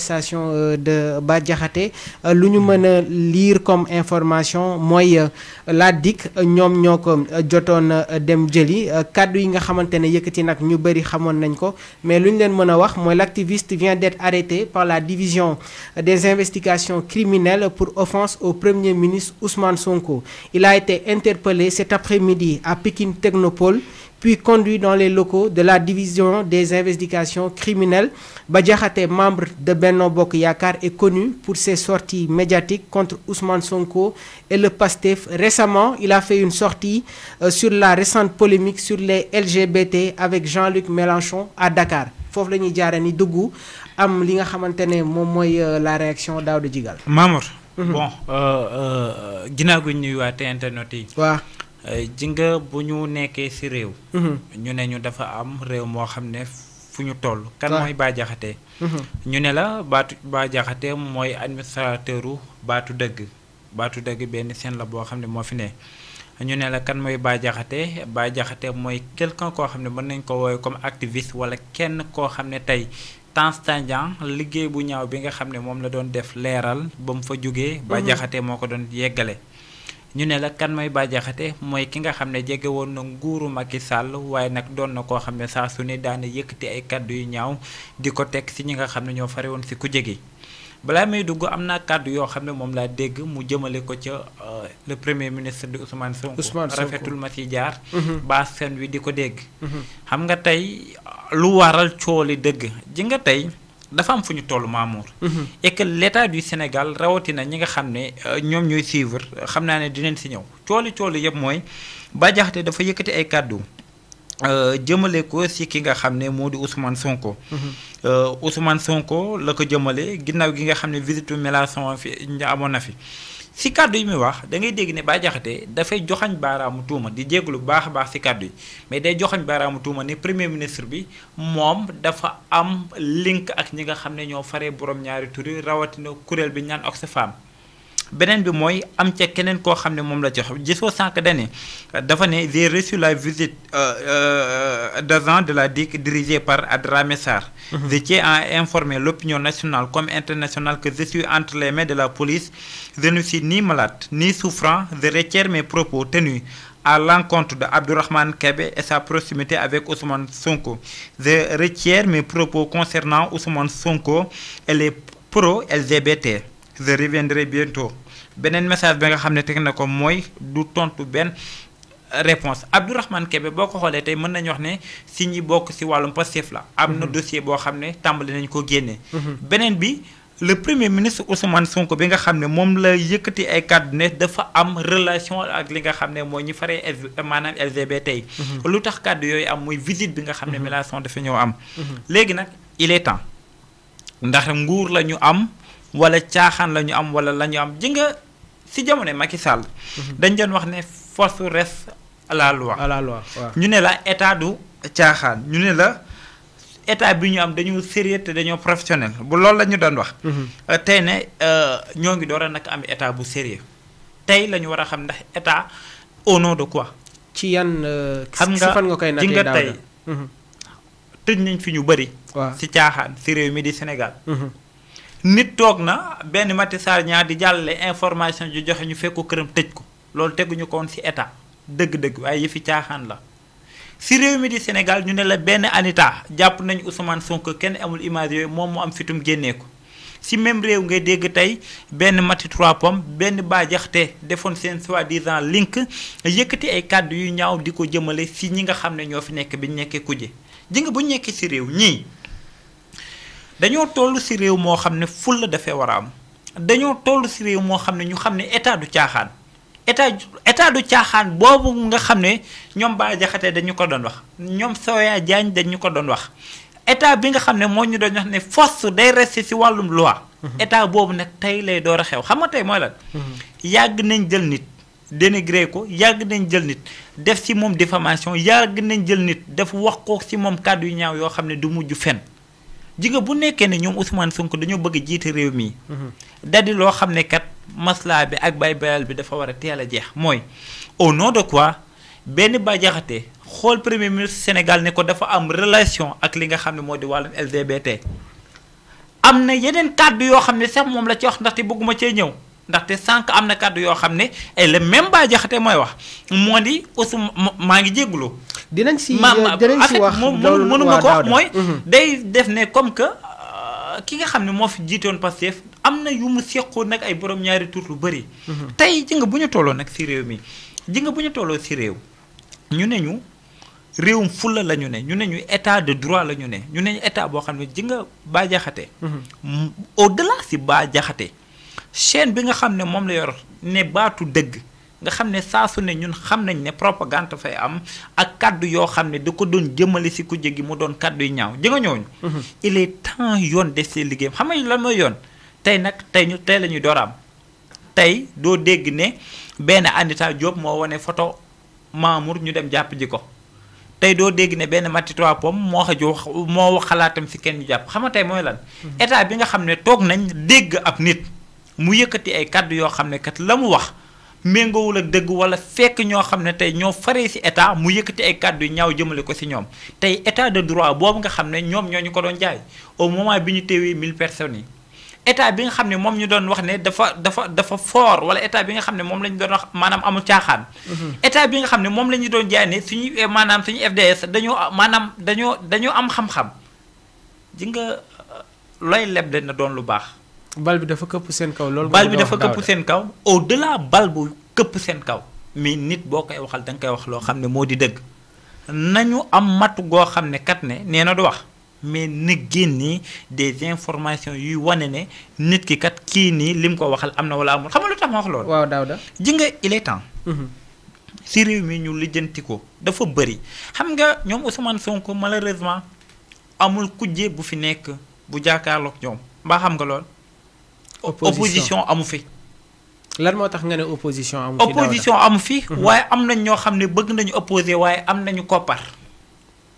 station euh, de Badjahate, euh, nous lu lire comme information mooy euh, la DIC nyom ñoo Joton Demjeli, dem jëli kàddu yi nga xamante ñu mais l'un leen l'activiste vient d'être arrêté par la division des investigations criminelles pour offense au premier ministre Ousmane Sonko il a été interpellé cet après-midi à Pikine Technopole puis conduit dans les locaux de la division des investigations criminelles. Badiakhate, membre de Benno Bok Yakar, est connu pour ses sorties médiatiques contre Ousmane Sonko et le PASTEF. Récemment, il a fait une sortie euh, sur la récente polémique sur les LGBT avec Jean-Luc Mélenchon à Dakar. foofu la ni am li nga xamante euh, la réaction daaw de jigal Mamour. Mhm. bon euh, ginnaaw gi ñuy té internet Euh, ji bu ñu nekkee ci réew. Mhm. ñu ne ñu dafa am réew moo xam ne fu ñu toll. kan mooy Bah mhm. ñu ne la baatu Bah mooy administrateuru baatu dëgg baatu dëgg benn seen la boo xam ne moo fi ne. ñu ne la kan mooy Bah Diakhaté mooy quelqu'un koo xam ne mën nañ ko woowee comme activist wala kenn koo xam ne tey Tange Tandian liggéey bu ñaaw bi nga xam ne moom la doon def leeral ba mu fa jógee. Bah mhm. moo ko doon yeggale. ñu ne la kan mooy Bah Diakhaté mooy ki nga xam ne jege woon na nguuru Macky Sall waaye nag doon na koo xam ne saa su ne daana yëkkati ay kàddu yu ñaaw di ko teg ci ñi nga xam ne ñoo fare woon ci ku jege balaa may dugg am naa kàddu yoo xam ne moom laa dégg mu jëmale ko ca euh, le premier ministre di Ousmane Sonko rafetul ma ci jaar mm-hmm. ba seen wi di ko dégg mm-hmm. xam nga tey lu waral cooli dëgg ji nga tey dafa am fu ñu toll Mamour. Mhm. et que du Sénégal rawatina ñi nga xam ne euh, ñoom ñuy suivre xam naa ne dinañ si ñëw cooli cooli yëpp mooy Bah dafa yëkkati ay kàddu euh, jëmale ko si ki nga xam ne moo di Ousmane Sonko. Mhm. Euh, Ousmane Sonko la ko jëmale ginnaaw gi nga xam ne visitu Mélenchon fi amoon na fi. ci kàddu yi muy wax da ngay dégg ne Bah Diakhaté dafay joxañ baaraamu tuuma di jégalu lu baax a baax si kàddu yi mais day joxañ baaraamu tuuma ne premier ministre bi moom dafa am link ak ñi nga xam ne ñoo faree borom ñaari tur yi rawatina kuréel bi ñaan Oxfam benen bi mooy am ca keneen koo xam la dafa j'ai reçu la visite euh, euh, de la DIC dirigée par Adra Messar mhm. je tiens informé l'opinion nationale comme internationale que je suis entre les mains de la police je ne suis ni malade ni souffrant je retire mes propos tenus à l'encontre de Abdurrahman Kebe et sa proximité avec Ousmane Sonko. Je retire mes propos concernant Ousmane Sonko et les pro-LGBT je reviendrai bientôt beneen message bi nga xamné ne teg na ko mooy du tontu ben réponse Abdourahmane Kébé boko xolé tay mën nañ wax ne si bok ci walum wàllum Pastef la Amna mhm. dossier bo xamné tambali nañ ko guéné. Mhm. Benen bi le premier ministre Ousmane Sonko bi nga xamné mom la yëkëti ay kàddu ne dafa am relation ak li nga xamné ne ñi faré manam LGBT yi mhm. lu tax kàddu yooyu am moy visite bi nga xamné ne Mélenchon dafa ñëw am Légui nak il est temps ndax nguur la ñu am wala caaxaan la ñu am wala la am ji nga si jamono Macky Sall. Mhm. dañ doon wax ne force res à la loi. ñu ne la état du caaxaan ñu ne la état bi ñu am dañu sérieux te dañoo professionnel bu loolu la ñu doon wax. Mhm. Euh, tey ne euh, ñoo ngi door a nag am état bu sérieux tey lañu war a xam ndax état au nom de quoi. ci yan euh, xam nga fan nga tey mhm. tëj nañ fi ñu bëri. waaw si caaxaan si réew mi di Sénégal. nit toog na benn mati Sarr Niang di jàllale information ju joxe ñu fekk ko këram tëj ko loolu teguñu ko woon ci état dëgg-dëgg waaye yëfi caaxaan la ci réew mi di Sénégal ñu ne la benn Anita jàpp nañu Ousmane Sonko kenn amul image yooyu moom mu am fitum génnee ko ci même réew nga dégg tey benn mati Trois Pommes benn baajaxte defoon seen soi-disant link yëkkati ay kàddu yu ñaaw di ko jëmale ci ñi nga xam ne ñoo fi nekk bi ñu nekkee kuje ji nga bu ñu nekkee ci réew ñii. dañoo toll si réew moo xam ne fulla dafee war a am dañoo toll si réew moo xam ne ñu xam ne état du caaxaan état état du caaxaan boobu nga xam ne ñoom Bah Diakhaté dañu ko doon wax ñoom Soya Diagne dañu ko doon wax état bi nga xam ne moo ñu doon wax ne force day rester si wàllum loi. Mm-hmm. état boobu nag tey lay door a xew xam nga tey mooy lan. Mm-hmm. yàgg nañ jël nit. dénigré ko yàgg nañ jël nit def si moom diffamation yàgg nañ jël nit def wax ko ci moom kàddu yu ñaaw yoo xam ne du mujj fen ji bu nekkee ne ñoom Ousmane Sonko dañoo bëgg jiite réew mi. daldi loo xam ne kat maslaa bi ak bay bayal bi dafa war a teel a jeex mooy au nom de quoi benn ba xool premier ministre Sénégal ne ko dafa am relation ak li nga xam ne moo di wàllum LGBT. am na yeneen kàddu yoo xam ne sax moom la ci wax ndaxte bëgguma cee ñëw ndaxte sànq am na kàddu yoo xam ne et le même ba jaxate mooy wax moo di Ousmane maa ngi jégalu. dinañ si euh, dinañ si wax moom mënu ma ko wax mooy. Mhm. day def ne comme que euh, ki nga xam ne moo fi jiite woon Pastef am na yu mu seqoon nag ay borom ñaari tur lu bëri. Mhm. tey ji bu ñu tolloo nag si réew mi ji nga bu ñu tolloo si réew ñu ne ñu. réewum fulla la ñu ne ñu ne ñu état de droit la ñu ne ñu ne ñu état boo xam ne ji nga baa jaxate mhm. au delà si baa jaxate bi nga xam ne moom la yor ne baatu dëgg nga xam ne saa su ne ñun xam nañ ne propagande fay am ak kàddu yoo xam ne da ko doon jëmmali si ku jéggi mu doon kàddu yu ñaaw jënga ñooñu mhm. il est temps yoon def seen liggéeyam xam lan mooy yoon tey nag tey ñu tey la ñuy door am tey doo dégg ne benn Anita Diop moo wane photo Mamour ñu dem jàpp ji ko tey doo dégg ne benn Mati Trois moo xaju xalaatam si kenn ñu jàpp xam mooy lan mhm. bi nga xam ne toog nañ dégg ab nit mu yëkkati ay kaddu yoo xam ne kat la mu wax méngoowul ak dëgg wala fekk ñoo xam ne tey ñoo faree ci état mu yëkkati ay kàddu yu ñaaw jëmale ko ci ñoom tey état de droit boobu nga xam ne ñoom ñoo ñu ko doon jaay au moment bi ñu teewee mille personnes yi état bi nga xam ne moom ñu doon wax ne dafa dafa dafa fort wala état bi nga xam ne moom la ñu doon maanaam amul caaxaan. Mhm. état bi nga xam ne moom la ñu doon jaay ne suñu eh, maanaam suñu FDS dañoo maanaam dañoo dañoo am xam-xam ji nga looy leb de na doon lu baax. bal bi dafa këpp seen kaw loolu. bal bi dafa këpp seen kaw au delà bal bu këpp seen kaw. mais nit boo koy waxal da nga koy wax loo xam ne moo di dëgg nañu am matu goo xam ne kat ne nee na du wax mais na génne des informations yuy wane ne nit ki kat kii nii lim ko waxal am na wala amul xam nga lu tax wax loolu. waaw daaw da ji nga il est temps. Mhm. si réew mi ñu lijjanti ko dafa bëri xam nga ñoom Ousmane Sonko malheureusement amul kujje bu fi nekk bu jàkkaarloog ñoom xam nga lool. opposition amu fi. lan moo tax nga ne opposition amu fi opposition amu fi. Mhm. waaye am nañ ñoo xam ne bëgg nañu opposé waaye am nañu koppar.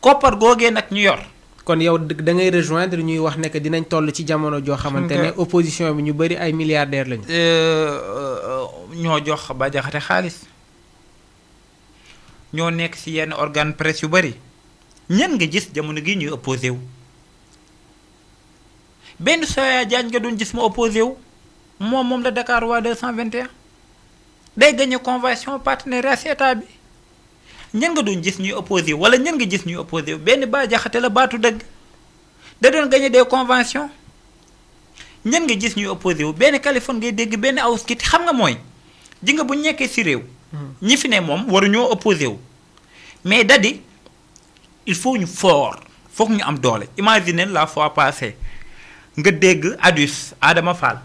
koppar googee nag ñu yor. kon yow da ngay rejoindre ñuy wax ne dinañ toll ci jamono joo xamante ne opposition bi ñu bëri ay milliardaire lañu. Euh, euh, ñoo jox ba jaxate xaalis ñoo nekk ci yenn organe presse yu bëri ñan nga gis jamono gi ñuy opposé wu benn Soya Diagne nga doon gis mo opposé wu mom mom la Dakar wa 221 day gagné convention partenariat ci état bi ñan nga doon gis ñuy opposé wala ñan nga gis ñuy opposé ben ba Bah Diakhaté la baatu dëgg da doon gagné des conventions ñan nga gis ñuy opposé wu benn Kaliphone ngay dégg benn Awouskity xam nga moy ji nga bu ñu ci réew. Hmm. ñi fi né mom waru ñoo opposé wu mais dadi il faut ñu fort foog ñu am doole imagine la fois passée. nga dégg Adus Adama Fall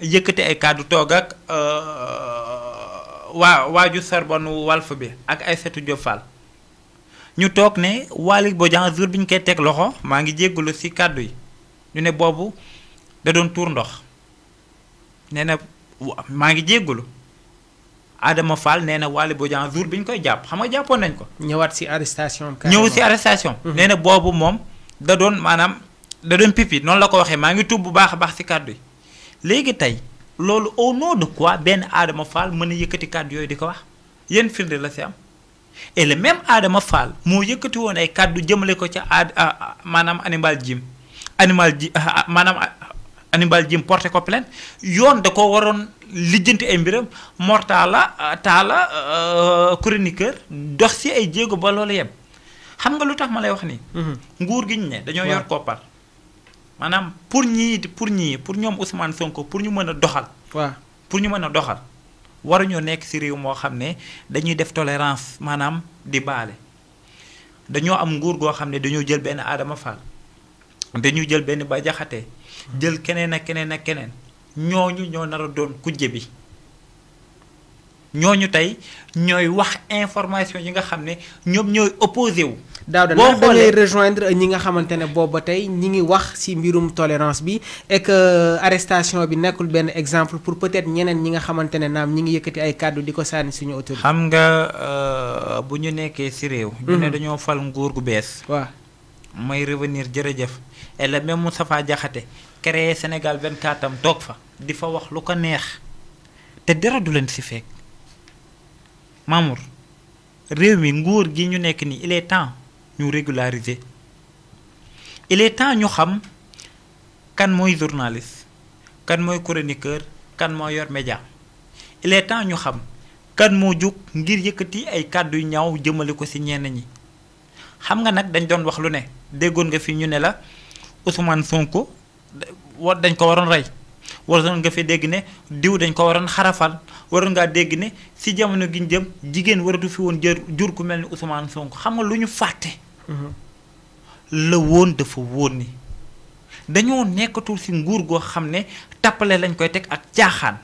yëkkati ay kàddu toog ak euh, waa waaju Sorbonne Walf bi ak Aïssatou Diop Fall ñu toog ne Waly Bodian jour bi ñu koy teg loxo maa ngi jéggalu ci kàddu yi ñu ne boobu da doon tuur ndox nee na maa ngi jéggalu Adama Fall nee na Waly Bodian jour bi ñu koy jàpp xam nga jàppoon nañ ko. ñëwaat ci arrestation. ñëw ci arrestation. Mm-hmm. nee na boobu moom da doon maanaam. da doon pipi noonu la ko waxee maa ngi tub bu baax a baax si kàddu yi léegi tey loolu au nom de quoi benn Adama Fall mën a yëkkati kàddu yooyu di ko wax yéen firnde la si am et le même Adama Fall moo yëkkati woon ay kàddu jëmale ko ca aad ah, ah, maanaam animal jim animal ji ah, maanaam animal jim porté ko yoon da ko waroon lijjanti ay mbiram mortala taala euh, chroniqueur dox si ay jéego ba loolu yem xam nga lu tax ma lay wax nii. Mm-hmm. nguur gi ñu ne dañoo yor koppar. maanaam pour ñii pour ñii pour ñoom Ousmane Sonko pour ñu mën a doxal. waaw pour ñu mën a doxal waruñoo nekk si réew moo xam ne dañuy def tolérance maanaam di baale dañoo am nguur goo xam ne dañoo jël benn aadama Fall dañuy jël benn Bah jël keneen a keneen ak keneen ñooñu ñoo nar a doon kujje bi ñooñu tey ñooy wax information yi nga xam ne ñoom ñooy opposé wu. Daouda nag da ngay rejoindre ñi nga xamantene bobu tay ñi ngi wax ci mbirum tolérance bi et que euh, arrestation bi nekkul ben exemple pour peut-être ñeneen ñi nga xamantene ne naam ñi ngi yëkëti ay kàddu diko ko sànni suñu autorité. xam nga euh, bu ñu nekkee ci réew. ñu ne mhm. dañoo fal nguur gu bees. waaw may revenir jërëjëf et le même Moustapha Diakhaté créé Sénégal 24 am toog fa di fa wax lu ko neex te dara du leen ci fekk Mamour réew mi nguur gi ñu nekk nii il est temps. ñu régulariser il est temps ñu xam kan mooy journaliste kan mooy chroniqueur kan moo yor média il est temps ñu xam kan moo jóg ngir yëkkati ay kàddu ñaaw jëmale ko si ñeen ñi xam nga nag dañ doon wax lu ne déggoon nga fi ñu ne la Ousmane Sonko wa dañ ko waroon rey waroon nga fi dégg ne diw dañ ko waroon xarafal waroon ngaa dégg ne si jamono giñ jëm jigéen waratu fi woon jër jur ku mel ni Ousmane Sonko xam nga lu ñu fàtte la woon dafa woon ni dañoo nekkatul ci nguur goo xam ne tappale lañ koy teg ak caaxaan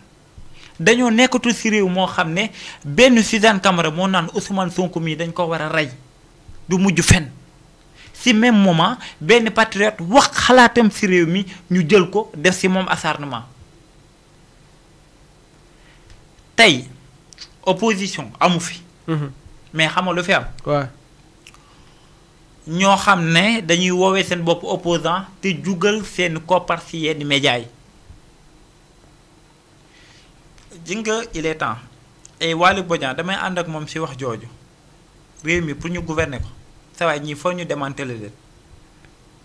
dañoo nekkatul ci réew moo xam ne benn Suzanne Camara moo naan ausman Sonko mii dañ ko war a rey du mujj fen ci même moment benn patriote wax xalaatam ci réew mi ñu jël ko def ci moom assarnement tey opposition amu fi mm-hmm. mais xam lu fi am ñoo xam ne dañuy woowee seen bopp opposant te jugal seen koppar si yenn médias yi ji nga il temps ay Waly Bodian damay ànd ak moom si wax jooju réew mi pour ñu gouverner ko sa ñii foog ñu demantele leen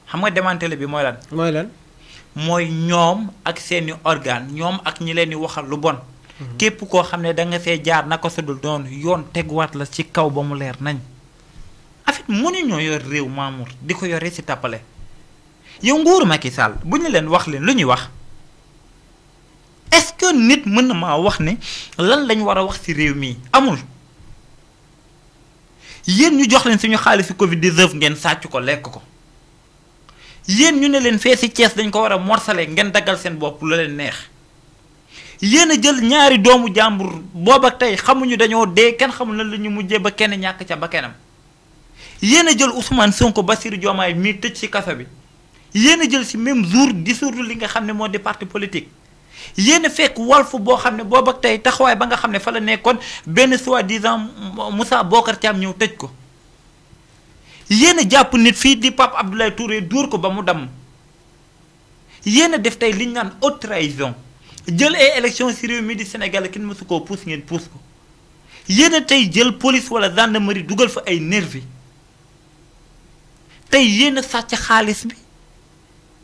xam nga demantele bi mooy lan. mooy mooy ñoom ak seeni organe ñoom ak ñi leen di waxal lu bon. Mhm. képp koo xam ne danga see jaar naka su dul doon yoon teguwaat la ci kaw ba mu leer nañ. mënuñoo yor réew Mamour di ko yoree ci tàppale yow nguuru Macky Sall bu ñu leen wax leen lu ñuy wax est-ce que nit mën na ma wax ne lan lañu war a wax ci réew mii amul yéen ñu jox leen suñu xaalisu Covid ngeen sàcc ko lekk ko yéen ñu ne leen fee ci Thiès dañ ko war a morcelé ngeen daggal seen bopp lu leen neex. yéen a jël ñaari doomu jàmbur booba tey xamuñu dañoo dee kenn xamul na la ñu mujjee ba kenn ñàkk ca ba kennam yéen a jël Ousmane Sonko Bassirou Diomaye mii tëj ci kaso bi yéen a jël si même jour dissoudre li nga xam ne moo di parti politique yéen a fekk Walf boo xam ne booba tey taxawaay ba nga xam ne fa la nekkoon benn soi-disant Moussa Bocar Thiam ñëw tëj ko yéen jàpp nit fii di Pape Abdoulaye Touré duur ko ba mu damm yéen a def tey li ñu naan haute trahison jël ay élection si réew mi di Sénégal kenn mësu koo puus ngeen puus ko yéen a tey jël police wala gendarmerie dugal fa ay nervi tey yéen a sàcc xaalis bi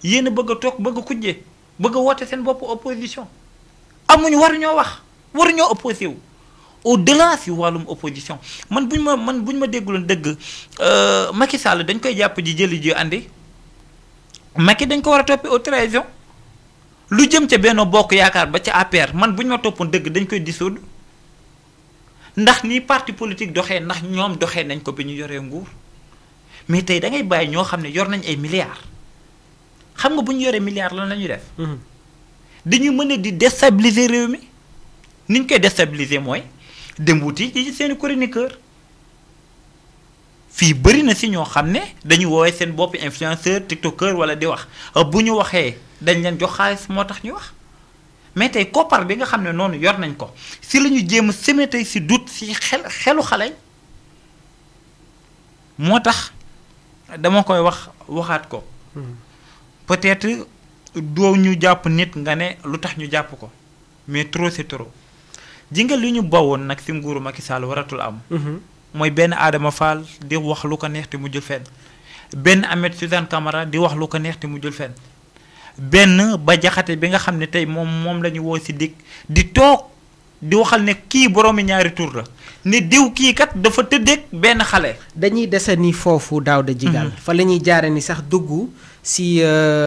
yéen a bëgg toog bëgg a bëgg woote seen bopp opposition amuñ waruñoo wax waruñoo opposé wu au delà si wàllum opposition man buñ ma man buñ ma dégguloon dëgg euh, Macky Sall dañ koy jàpp ji jëli ji andi Macky dañ ko war a toppee au trahison lu jëm ca benn Bokk Yaakaar ba ca APR man bu ñu ma toppoon dëgg dañ koy dissoudre ndax nii parti politique doxee ndax ñoom doxee nañ ko bi ñu yoree nguur. mais tey da ngay bàyyi ñoo xam ne yor nañ ay milliards xam nga bu ñu yoree milliards lan la ñuy def. Mhm. dañu mën a di déstabiliser réew mi niñ koy déstabiliser mooy dem wuti ci seeni chroniqueur fii bëri na si ñoo xam ne dañu woowee seen bopp influenceur tiktokeur wala di wax ah, bu ñu waxee dañ leen jox xaalis moo tax ñu wax mais tey koppar bi nga xam ne noonu yor nañ ko si la ñu jéem a semer tey si doute si xel xelu xale moo tax. dama koy wax waxaat ko hmm. peut être doo ñu jàpp nit nga ne lu tax ñu jàpp ko mais trop c' est trop jingal li ñu bawoon nag si nguuru Macky Sall waratul am. Hmm. mooy benn Adama Fall di wax lu ko neex te mu jël fenn benn Ahmed Suzanne Camara di wax lu ko neex te mu jël fenn benn ba jaxate bi nga xam ne tey moom moom la ñu woo si dig di toog di waxal ne kii boroomi ñaari tur la ne diw kii kat dafa tëddeeg benn xale. dañuy dese ni foofu daaw de jigaal mhm. fa la ñuy jaare ni sax dugg si. Euh,